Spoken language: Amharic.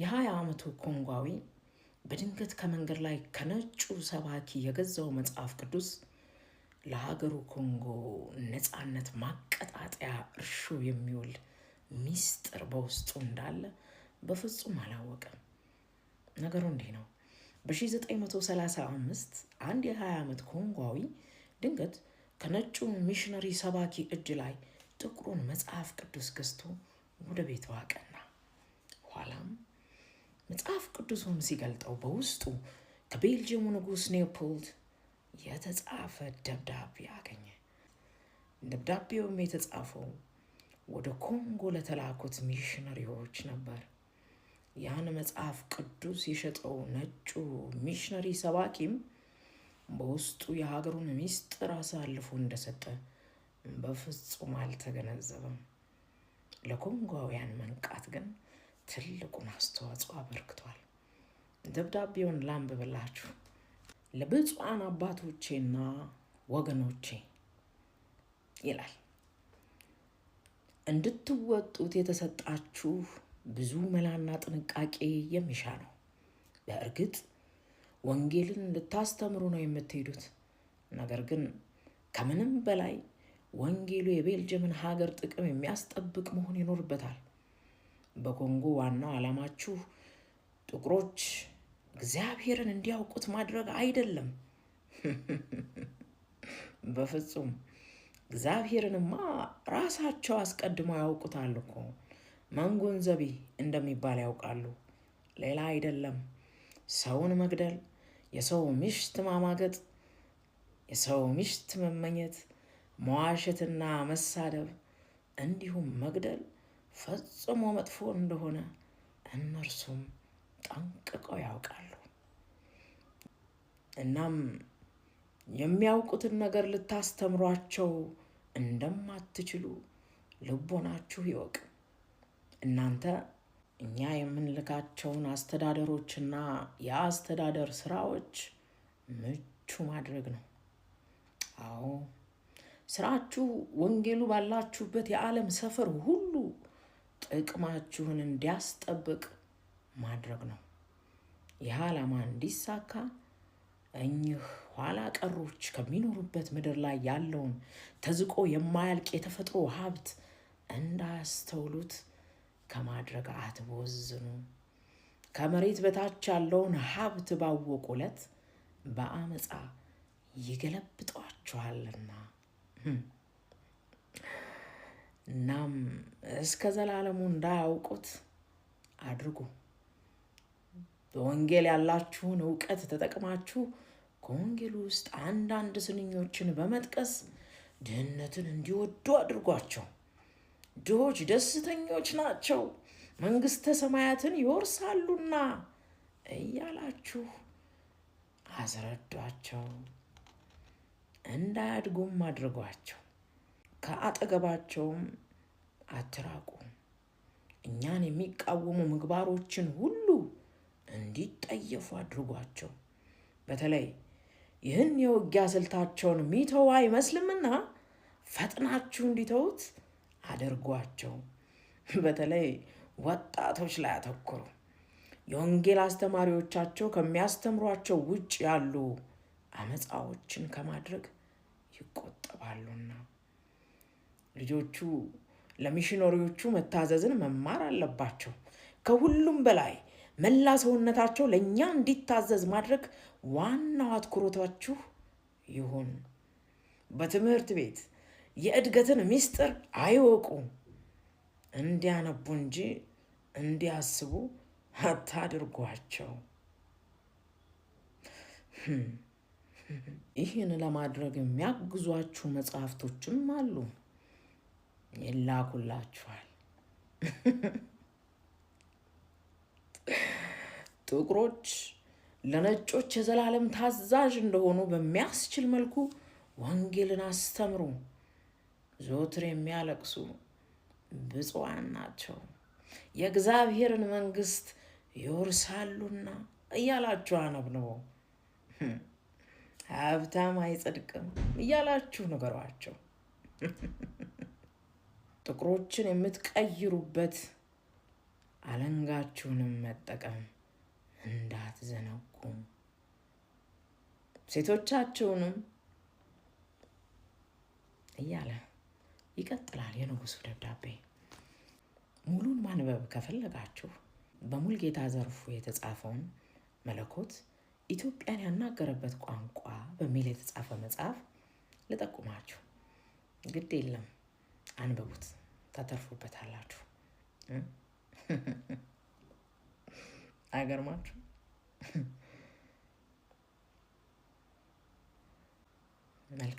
የሀያ ዓመቱ ኮንጓዊ በድንገት ከመንገድ ላይ ከነጩ ሰባኪ የገዛው መጽሐፍ ቅዱስ ለሀገሩ ኮንጎ ነፃነት ማቀጣጠያ እርሾ የሚውል ሚስጥር በውስጡ እንዳለ በፍጹም አላወቀም። ነገሩ እንዲህ ነው። በ1935 አንድ የ20 ዓመት ኮንጓዊ ድንገት ከነጩ ሚሽነሪ ሰባኪ እጅ ላይ ጥቁሩን መጽሐፍ ቅዱስ ገዝቶ ወደ ቤቱ አቀና። ኋላም መጽሐፍ ቅዱሱም ሲገልጠው በውስጡ ከቤልጅየሙ ንጉሥ ኔፖልድ የተጻፈ ደብዳቤ አገኘ። ደብዳቤውም የተጻፈው ወደ ኮንጎ ለተላኩት ሚሽነሪዎች ነበር። ያን መጽሐፍ ቅዱስ የሸጠው ነጩ ሚሽነሪ ሰባኪም በውስጡ የሀገሩን ሚስጥር አሳልፎ እንደሰጠ በፍጹም አልተገነዘበም። ለኮንጓውያን መንቃት ግን ትልቁን አስተዋጽኦ አበርክቷል። ደብዳቤውን ላንብብላችሁ። ለብፁዓን አባቶቼና ወገኖቼ ይላል እንድትወጡት የተሰጣችሁ ብዙ መላና ጥንቃቄ የሚሻ ነው። በእርግጥ ወንጌልን ልታስተምሩ ነው የምትሄዱት። ነገር ግን ከምንም በላይ ወንጌሉ የቤልጅየምን ሀገር ጥቅም የሚያስጠብቅ መሆን ይኖርበታል። በኮንጎ ዋናው ዓላማችሁ ጥቁሮች እግዚአብሔርን እንዲያውቁት ማድረግ አይደለም። በፍጹም እግዚአብሔርንማ ራሳቸው አስቀድመው ያውቁታል እኮ ዘቢ እንደሚባል ያውቃሉ። ሌላ አይደለም። ሰውን መግደል፣ የሰው ሚሽት ማማገጥ፣ የሰው ሚሽት መመኘት፣ መዋሸትና መሳደብ እንዲሁም መግደል ፈጽሞ መጥፎ እንደሆነ እነርሱም ጠንቅቀው ያውቃሉ። እናም የሚያውቁትን ነገር ልታስተምሯቸው እንደማትችሉ ልቦናችሁ ይወቅ። እናንተ እኛ የምንልካቸውን አስተዳደሮችና የአስተዳደር ስራዎች ምቹ ማድረግ ነው። አዎ ስራችሁ ወንጌሉ ባላችሁበት የዓለም ሰፈር ሁሉ ጥቅማችሁን እንዲያስጠብቅ ማድረግ ነው። ይህ ዓላማ እንዲሳካ እኚህ ኋላ ቀሮች ከሚኖሩበት ምድር ላይ ያለውን ተዝቆ የማያልቅ የተፈጥሮ ሀብት እንዳያስተውሉት ከማድረግ አትቦዝኑ። ከመሬት በታች ያለውን ሀብት ባወቁ ዕለት በአመፃ ይገለብጧችኋልና። እናም እስከ ዘላለሙ እንዳያውቁት አድርጉ። በወንጌል ያላችሁን እውቀት ተጠቅማችሁ ከወንጌል ውስጥ አንዳንድ ስንኞችን በመጥቀስ ድህነትን እንዲወዱ አድርጓቸው። ድሆች ደስተኞች ናቸው፣ መንግሥተ ሰማያትን ይወርሳሉና እያላችሁ አስረዷቸው። እንዳያድጉም አድርጓቸው። ከአጠገባቸውም አትራቁ። እኛን የሚቃወሙ ምግባሮችን ሁሉ እንዲጠየፉ አድርጓቸው። በተለይ ይህን የውጊያ ስልታቸውን ሚተው አይመስልምና ፈጥናችሁ እንዲተውት አድርጓቸው። በተለይ ወጣቶች ላይ አተኩሩ። የወንጌል አስተማሪዎቻቸው ከሚያስተምሯቸው ውጭ ያሉ አመፃዎችን ከማድረግ ይቆጠባሉና። ልጆቹ ለሚሽነሪዎቹ መታዘዝን መማር አለባቸው። ከሁሉም በላይ መላ ሰውነታቸው ለእኛ እንዲታዘዝ ማድረግ ዋናው አትኩሮታችሁ ይሁን። በትምህርት ቤት የእድገትን ምስጢር አይወቁ። እንዲያነቡ እንጂ እንዲያስቡ አታድርጓቸው። ይህን ለማድረግ የሚያግዟችሁ መጽሐፍቶችም አሉ። ይላኩላችኋል። ጥቁሮች ለነጮች የዘላለም ታዛዥ እንደሆኑ በሚያስችል መልኩ ወንጌልን አስተምሩ። ዘወትር የሚያለቅሱ ብፁዓን ናቸው የእግዚአብሔርን መንግስት ይወርሳሉና እያላችሁ አነብንቦ ሀብታም አይጸድቅም እያላችሁ ንገሯቸው። ጥቁሮችን የምትቀይሩበት አለንጋችሁንም መጠቀም እንዳትዘነጉ ሴቶቻችሁንም እያለ ይቀጥላል የንጉሱ ደብዳቤ። ሙሉን ማንበብ ከፈለጋችሁ በሙልጌታ ዘርፉ የተጻፈውን መለኮት ኢትዮጵያን ያናገረበት ቋንቋ በሚል የተጻፈ መጽሐፍ ልጠቁማችሁ። ግድ የለም አንብቡት፣ ተተርፉበታላችሁ። አይገርማችሁ? መልካም